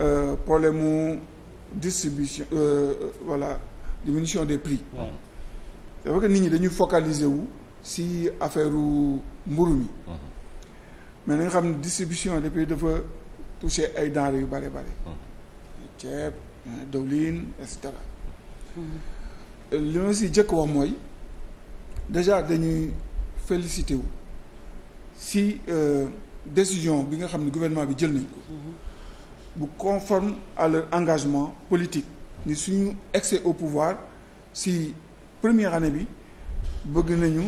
euh, problème mu distribution euh, euh diminution des prix. Ouais. nit ñi dañuy focaliser wu si affaire mburu mi. mais na nga xam ne distribution depuis dafa touché ay denrées yu bare bare. ceeb dawlin et li ma si jëkk wax mooy déjà dañuy félicité wu si euh, décision bi nga xam ne gouvernement bi jël nañ ko. bu conforme à leur engagement politique ni suñu accès au pouvoir si première année bi bëgg nañu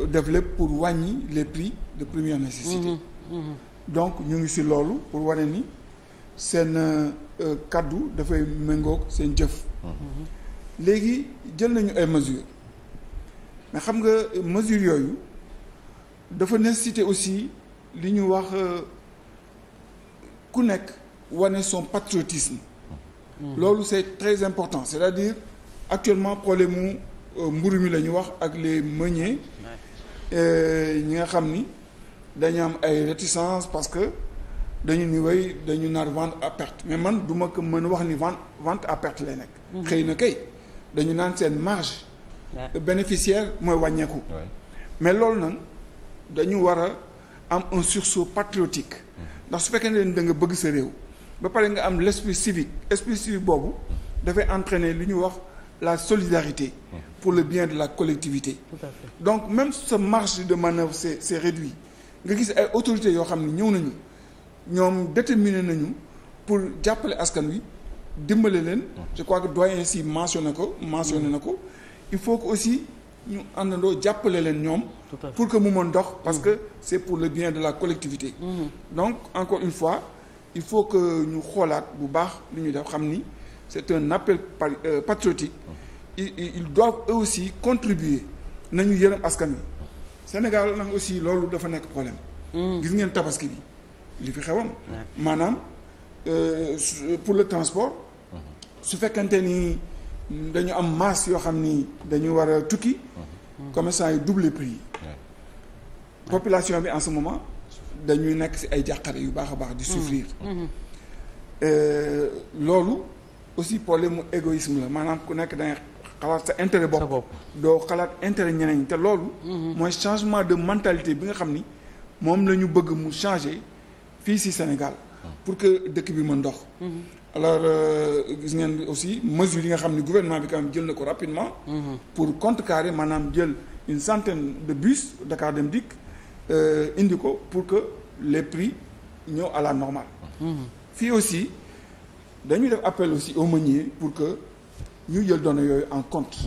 euh, def lépp pour wàññi les prix de première nécessité mhm, mhm. donc ñu ngi si loolu pour wane ni seen euh, euh, kàddu dafay méngoog seen jëf mhm. léegi jël nañu ay mesures mais xam nga mesures yooyu dafa nécessité aussi li ñu wax ku nekk wane son patriotisme loolu c'est très important c'est-à-dire actuellement problème mu euh, mburu mi la ñu wax ak les meuniers euh, ñi nga xam ni dañu am ay réticences parce que dañu ni way dañu nar vente à perte mais man du ma ko mën wax ni vente vente à perte lay nekk mm-hmm. xëy na kay dañu naan seen marge bénéficiaire mooy wàññeeku mais loolu nag dañu war a am un sursaut patriotique mm. ndax su fekkee ne da nga bëgg sa réew ba pare nga am l' esprit civique esprit civique boobu dafay entraîner lu ñu wax la solidarité pour le bien de la collectivité donc même sa marge de manœuvre c'est c'est réduit nga gis ay autorités yoo xam ne ñëw nañu ñoom déterminé nañu pour jàppale askan wi dimbale leen je crois que doyen si mentionné ko mentionné na ko il faut que aussi ñu àndandoo jàppale leen ñoom pour que mu mën dox parce mmh. que c'est pour le bien de la collectivité mmh. donc encore une fois il faut que ñu xoolaat bu baax lu ñu def xam ni c'est un appel euh, patriotique mmh. ils ils doivent aussi contribuer nañu yërëm askan wi Sénégal nag aussi loolu dafa nekk problème gis ngeen tabaski bi li fi xewam maanaam euh, pour le transport su fekkante ni dañu am masse yoo xam ni dañu war a tukki mhm. commerçant yi double prix population bi en ce moment dañuy nekk ci ay jàqare yu baax a baax di mhm. souffrir mhm. Euh, loolu aussi problème mu égoïsme la maanaam ku nekk danga xalaat sa intérêt bopp doo xalaat intérêt ñeneen te loolu mooy changement de mentalité bi nga xam ni moom la ñu bëgg mu changer fii si Sénégal pour que dëkk bi mën dox alors euh, gis ngeen aussi mesures yi nga xam ne gouvernement bi quand jël na ko rapidement. Mhm. pour contrecarrer maanaam jël une centaine de bus Dakar Dem Dikk euh, indi ko pour que les prix ñëw à la normale. Mhm. fii aussi dañuy def appel aussi aux meuniers pour que ñu jël données yooyu en compte.